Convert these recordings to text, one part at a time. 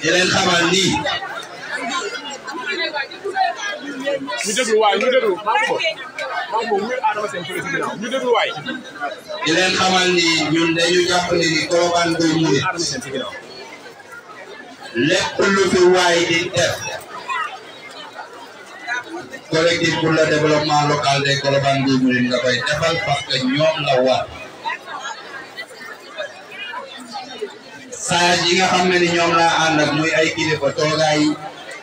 di leen xamal nii. ñu déglu waay ñu déglu maa jàpp ni Colobane Guy Mouride. lépp lu fi waay di def. collectif pour le développement local de Colobane Guy Mouride nga koy defal parce que ñoom la war. sage yi nga xam ne ni ñoom laa ànd muy ay kilifa toogaay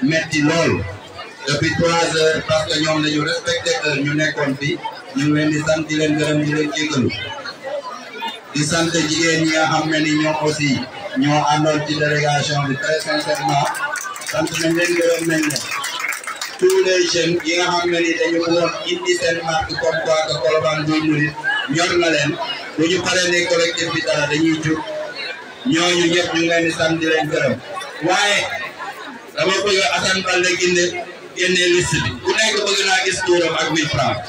metti lool depuis trois heures parce que ñoom dañu respecté heure ñu nekkoon fi ñu ngi leen di sant leen gërëm di leen jégalu sant jigéen ñi nga xam ne ni ñoom aussi ñoo àndoon ci délégation bi très sant nañ leen gërëm nañ leen nga xam ne ni dañu bëggoon indi seen marque comme quoi que Colobane Gouye Mouride ñor na leen bu ñu paree ne collectif bi dara dañuy jug ñooñu ñëpp ñu ngi leen di sant di leen gërëm waaye dama bëgg Assane Baldé ginde génne liste bi ku nekk bëgg naa gis tuuram ak 1000 francs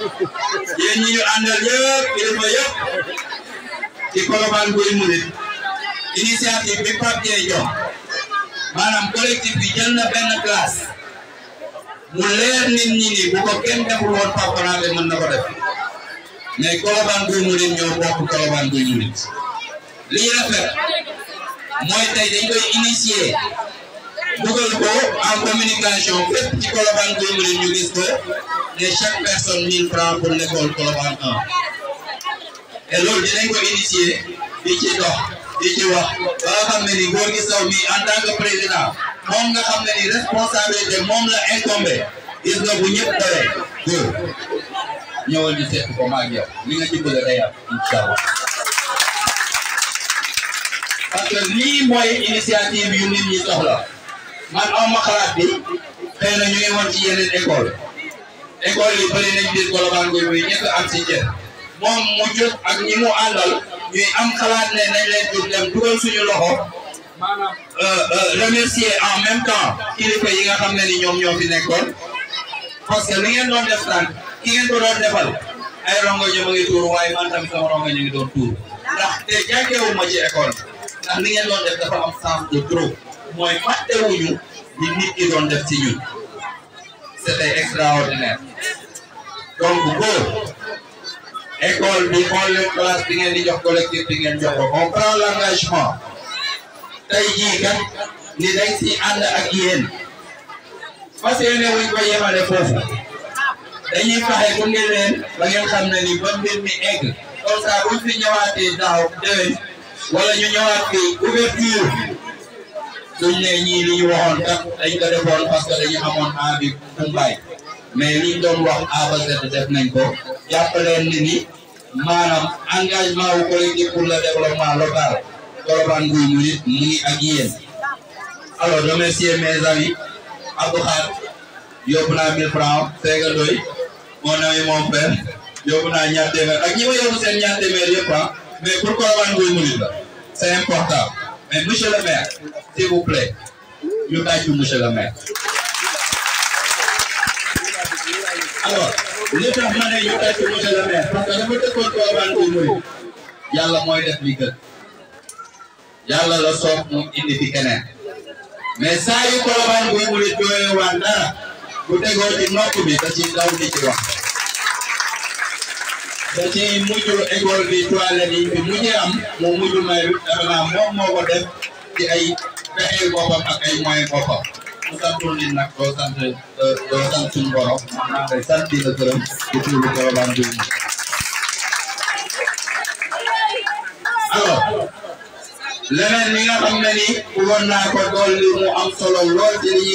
yéen ñi ñu àndal yëpp kilifa yëpp ci Colobane Guy Mouride initiative bi Pape Dieng jox maanaam collectif bi jël na benn classe mu leer nit ñi ni bu ko kenn deful woon Pape Konaté mën na ko def mais Colobane Guy Mouride ñoo bokk Colobane Guy Mouride li ñu mooy tey dañ koy initier dugal ko en communication fépp ci Colobane koy mën ñu gis ko ne chaque personne 1000 francs pour l'école Colobane 1 te dinañ ko initier di ci dox di ci wax ba nga xam ne ni Gorgui Sow mi en tant que président moom nga xam ne ni responsabilité moom la incombé gis nga bu ñëpp doole góor ñëwal di seet ko maa ngi yow nga ci bëgg day am incha parce que lii mooy initiative yu nit ñi soxla man am xalaat bi xëy ñu ngi woon ci yeneen école école yi nañ muy am mu jóg ak ñi mu àndal ñuy am xalaat ne nañ leen jóg dem dugal suñu loxo maanaam euh, euh, remercier en même temps kilifa yi nga xam ni ñoom ñoo fi nekkoon parce que li ngeen doon def tànk ki ngeen doon defal ay rongo ngi man tam sama rongo ngi doon ndax ci école. ndax li ngeen doon def dafa am sens de trop mooy fàttewuñu li nit ñi doon def ci ñun c'était extraordinaire donc góor école bi xool leen bi ngeen di jox collectif bi ngeen jox ko on prend l'engagement tey kat ni dañ si ànd ak yéen fas yéene wuñ ko yemale foofu dañuy fexe gunge leen ba ngeen xam ne ni ba mbir mi egg comme ça buñ fi ñëwaatee daaw déwén wala ñu ñëwaat bi ouverture duñ ne ñii li ñu waxoon defoon parce dañu amoon A bi mais liñ doon wax A ba Z def nañ ko jàppaleen ni ni maanaam engagement wu collectif pour le développement local Colobane Gouye Mouride mu ngi ak yéen alors remercier mes amis Abdou Khad yóbbu naa 1000 francs Sega Ndoye mon ami mon frère yóbbu ñi ma yóbbu seen ñaar téeméer ah. mais pourquoi waa Ndoye Mouride la c'est important mais monsieur le maire s'il vous ñu tàccu monsieur le maire. alors ñu tàccu monsieur le maire parce que dafa dëkkoon koo waa Ndoye Mouride yàlla mooy def li gën yàlla la soob moom indi fi keneen mais saa yu Colobane Ndoye Mouride jooyee waan dara bu tegoo bi da ci ndaw di ci wax. te ci mujjul école bi toilette yi bi mujjee am moom mujjul may dafa moom moo ko def ci ay pexe boppam ak ay moyen boppam mu santul nit nag doo sant doo sant suñu borom maa ngi lay sant di la gërëm di tudd Colobane Diouf alors leneen li nga xam ne ni naa ko dolli mu am solo lool ci li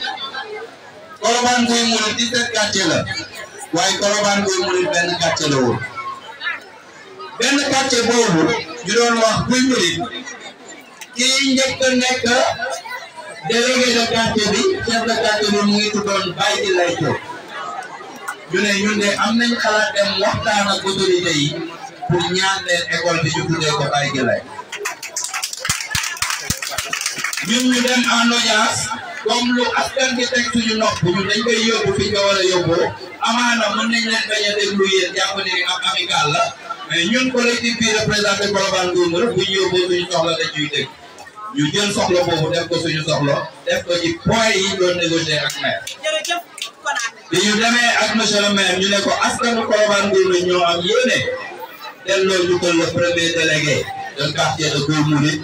Colobane Guy Mouride 17 quartier la waaye Colobane Guy Mouride benn quartier la woon benn quartier boobu ñu doon wax Guy Mouride kii njëkk nekk délégué de quartier bi chef de quartier mu ngi tuddoon Baye di lay toog ñu ne ñun de am nañ xalaat dem waxtaan ak autorité yi pour ñaan école bi ñu tuddee ko Baye di lay ñun ñu dem en comme lu askan bi teg suñu nopp ñu dañ koy yóbbu fi ñu war a yóbboo amaana mën nañ leen bañ a déglu yéen jàpp ne ni am amical la mais ñun collectif bi représenté Colobane Goumba bu ñu yóbboo suñu soxla dañ ñuy dégg ñu jël soxla boobu def ko suñu soxla def ko ci point yi doon négocier ak maire. bi ñu demee ak monsieur le maire ñu ne ko askanu Colobane Goumba ñoo am yéene delloo ñu ko le premier délégué de quartier de Gourmoulou.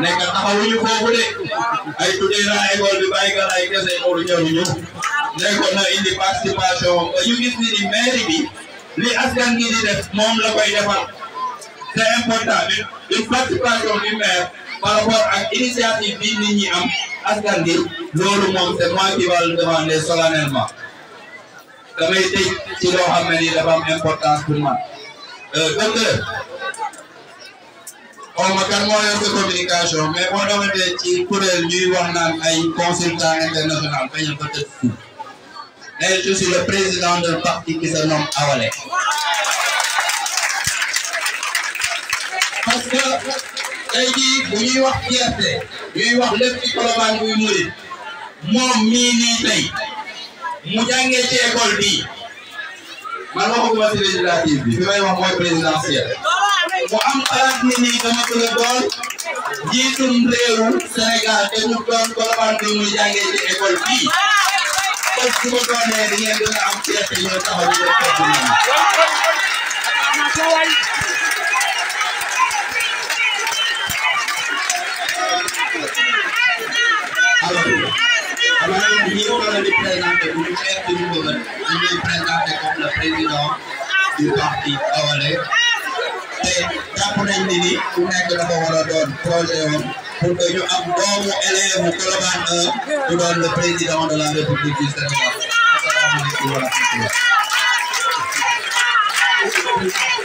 ne nga taxawuñu foofu de ay tuddee naa école bi bàyyi nga ay kese pour ñëwuñu ne ko na indi participation ba ñu gis ni di bi li askan gi di def moom la koy defal c'est important une participation du maire par rapport ak initiative bi nit ñi am askan gi loolu moom c'est moi qui va le demander solennellement damay ci loo xam ne ni dafa am importance pour man euh, docteur xaw ma kan moo yor sa communication mais boo dematee ci kuréel ñuy wax naan ay consultant international bañal ba tëj fii mais je le président d'un parti qui se nomme Awalé. que tey jii bu ñuy wax fierté ñuy wax lépp ci Colobane muy murid moom mii nii tey mu jàngee ci école bii man waxuma si législative bi fi may wax mooy présidentielle. bu am xalaat nit ñi dama bëgg a doon jiitum réewu Sénégal te mu doon Colobane bi muy jàngee ci école bii kon su ma doonee di ngeen gën a am fierté ñoo taxaw ñu def fekk ñoom. alors avant ñun ñi waroon a di présenté bu ñu xeex ci ñu bëgg ñu ñuy présenté comme le président du parti Awalé te nañ ni nii ku nekk dafa war a doon projet woon pour que ñu am doomu élève bu Colobane 1 mu doon le président de la République du Sénégal asalaamaaleykum wa rahmatullah